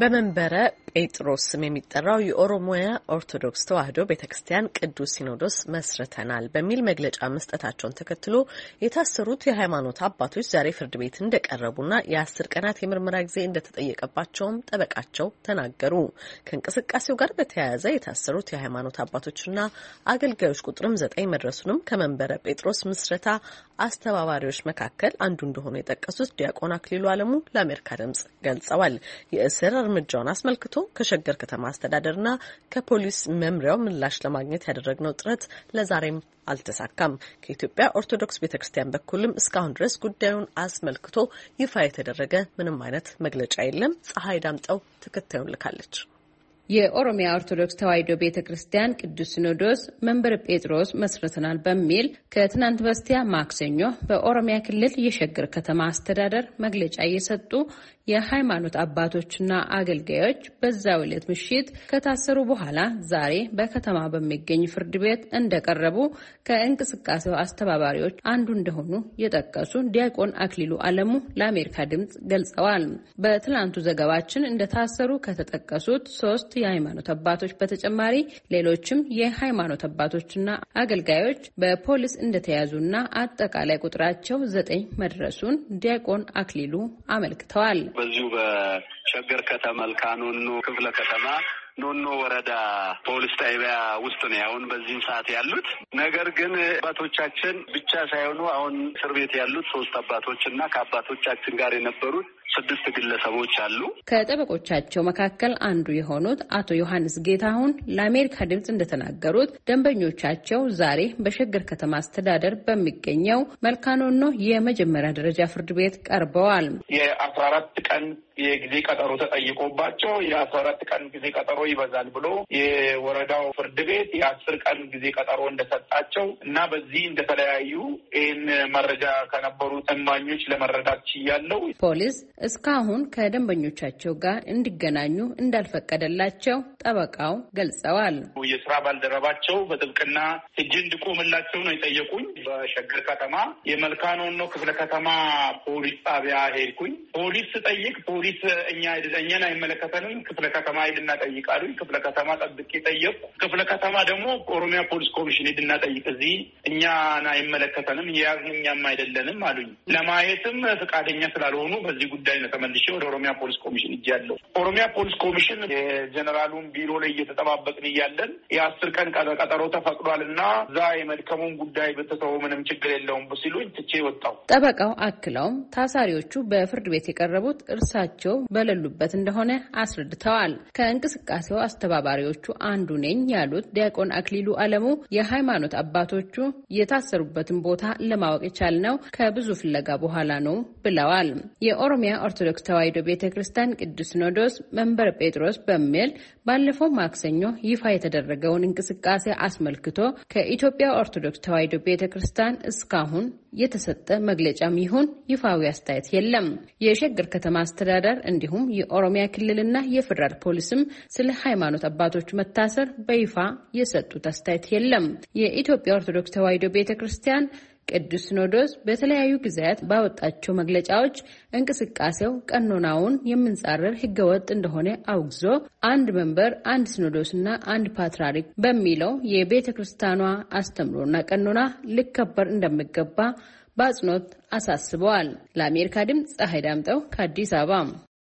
በመንበረ ጴጥሮስ ስም የሚጠራው የኦሮሞያ ኦርቶዶክስ ተዋሕዶ ቤተ ክርስቲያን ቅዱስ ሲኖዶስ መስርተናል በሚል መግለጫ መስጠታቸውን ተከትሎ የታሰሩት የሃይማኖት አባቶች ዛሬ ፍርድ ቤት እንደቀረቡና የአስር ቀናት የምርመራ ጊዜ እንደተጠየቀባቸውም ጠበቃቸው ተናገሩ። ከእንቅስቃሴው ጋር በተያያዘ የታሰሩት የሃይማኖት አባቶችና አገልጋዮች ቁጥርም ዘጠኝ መድረሱንም ከመንበረ ጴጥሮስ ምስረታ አስተባባሪዎች መካከል አንዱ እንደሆኑ የጠቀሱት ዲያቆን አክሊሉ አለሙ ለአሜሪካ ድምጽ ገልጸዋል። የእስር እርምጃውን አስመልክቶ ከሸገር ከተማ አስተዳደርና ከፖሊስ መምሪያው ምላሽ ለማግኘት ያደረግነው ጥረት ለዛሬም አልተሳካም። ከኢትዮጵያ ኦርቶዶክስ ቤተ ክርስቲያን በኩልም እስካሁን ድረስ ጉዳዩን አስመልክቶ ይፋ የተደረገ ምንም አይነት መግለጫ የለም። ፀሐይ ዳምጠው ተከታዩን ልካለች። የኦሮሚያ ኦርቶዶክስ ተዋሕዶ ቤተ ክርስቲያን ቅዱስ ሲኖዶስ መንበር ጴጥሮስ መስርተናል በሚል ከትናንት በስቲያ ማክሰኞ በኦሮሚያ ክልል የሸገር ከተማ አስተዳደር መግለጫ የሰጡ የሃይማኖት አባቶችና አገልጋዮች በዛው ዕለት ምሽት ከታሰሩ በኋላ ዛሬ በከተማ በሚገኝ ፍርድ ቤት እንደቀረቡ ከእንቅስቃሴው አስተባባሪዎች አንዱ እንደሆኑ የጠቀሱ ዲያቆን አክሊሉ አለሙ ለአሜሪካ ድምፅ ገልጸዋል። በትላንቱ ዘገባችን እንደታሰሩ ከተጠቀሱት ሶስት የሃይማኖት አባቶች በተጨማሪ ሌሎችም የሃይማኖት አባቶችና አገልጋዮች በፖሊስ እንደተያዙና አጠቃላይ ቁጥራቸው ዘጠኝ መድረሱን ዲያቆን አክሊሉ አመልክተዋል። በዚሁ በሸገር ከተማ ልካኖኖ ክፍለ ከተማ ኖኖ ወረዳ ፖሊስ ጣቢያ ውስጥ ነው አሁን በዚህም ሰዓት ያሉት። ነገር ግን አባቶቻችን ብቻ ሳይሆኑ አሁን እስር ቤት ያሉት ሶስት አባቶች እና ከአባቶቻችን ጋር የነበሩት ስድስት ግለሰቦች አሉ። ከጠበቆቻቸው መካከል አንዱ የሆኑት አቶ ዮሐንስ ጌታሁን ለአሜሪካ ድምፅ እንደተናገሩት ደንበኞቻቸው ዛሬ በሸገር ከተማ አስተዳደር በሚገኘው መልካኖኖ የመጀመሪያ ደረጃ ፍርድ ቤት ቀርበዋል። የአስራ አራት ቀን የጊዜ ቀጠሮ ተጠይቆባቸው የአስራ አራት ቀን ጊዜ ቀጠሮ ይበዛል ብሎ የወረዳው ፍርድ ቤት የአስር ቀን ጊዜ ቀጠሮ እንደሰጣቸው እና በዚህ እንደተለያዩ ይህን መረጃ ከነበሩ እማኞች ለመረዳት ችያለው። ፖሊስ እስካሁን ከደንበኞቻቸው ጋር እንዲገናኙ እንዳልፈቀደላቸው ጠበቃው ገልጸዋል። የስራ ባልደረባቸው በጥብቅና እጅ እንድቆምላቸው ነው የጠየቁኝ። በሸገር ከተማ የመልካኖኖ ክፍለ ከተማ ፖሊስ ጣቢያ ሄድኩኝ። ፖሊስ ስጠይቅ ፖሊስ ፖሊስ እኛ እኛን አይመለከተንም፣ ክፍለ ከተማ ሄድና ጠይቅ አሉኝ። ክፍለ ከተማ ጠብቄ ጠየቁ። ክፍለ ከተማ ደግሞ ኦሮሚያ ፖሊስ ኮሚሽን ሄድና ጠይቅ፣ እዚህ እኛን አይመለከተንም፣ የያዝን እኛም አይደለንም አሉኝ። ለማየትም ፈቃደኛ ስላልሆኑ በዚህ ጉዳይ ነው ተመልሼ ወደ ኦሮሚያ ፖሊስ ኮሚሽን እጅ ያለው ኦሮሚያ ፖሊስ ኮሚሽን የጀኔራሉን ቢሮ ላይ እየተጠባበቅን እያለን የአስር ቀን ቀጠሮ ተፈቅዷል እና እዛ የመድከሙን ጉዳይ ብትተው ምንም ችግር የለውም ሲሉኝ ትቼ ወጣው። ጠበቃው አክለውም ታሳሪዎቹ በፍርድ ቤት የቀረቡት እርሳቸው ልጆቻቸው በሌሉበት እንደሆነ አስረድተዋል። ከእንቅስቃሴው አስተባባሪዎቹ አንዱ ነኝ ያሉት ዲያቆን አክሊሉ አለሙ የሃይማኖት አባቶቹ የታሰሩበትን ቦታ ለማወቅ የቻልነው ከብዙ ፍለጋ በኋላ ነው ብለዋል። የኦሮሚያ ኦርቶዶክስ ተዋሕዶ ቤተ ክርስቲያን ቅዱስ ሲኖዶስ መንበር ጴጥሮስ በሚል ባለፈው ማክሰኞ ይፋ የተደረገውን እንቅስቃሴ አስመልክቶ ከኢትዮጵያ ኦርቶዶክስ ተዋሕዶ ቤተ ክርስቲያን እስካሁን የተሰጠ መግለጫም ይሁን ይፋዊ አስተያየት የለም። የሸገር ከተማ አስተዳደር እንዲሁም የኦሮሚያ ክልልና የፌዴራል ፖሊስም ስለ ሃይማኖት አባቶች መታሰር በይፋ የሰጡት አስተያየት የለም። የኢትዮጵያ ኦርቶዶክስ ተዋሕዶ ቤተ ክርስቲያን ቅዱስ ሲኖዶስ በተለያዩ ጊዜያት ባወጣቸው መግለጫዎች እንቅስቃሴው ቀኖናውን የምንጻረር ህገወጥ እንደሆነ አውግዞ አንድ መንበር አንድ ሲኖዶስና አንድ ፓትርያርክ በሚለው የቤተ ክርስቲያኗ አስተምሮና ቀኖና ሊከበር እንደሚገባ በአጽንኦት አሳስበዋል። ለአሜሪካ ድምፅ ፀሐይ ዳምጠው ከአዲስ አበባ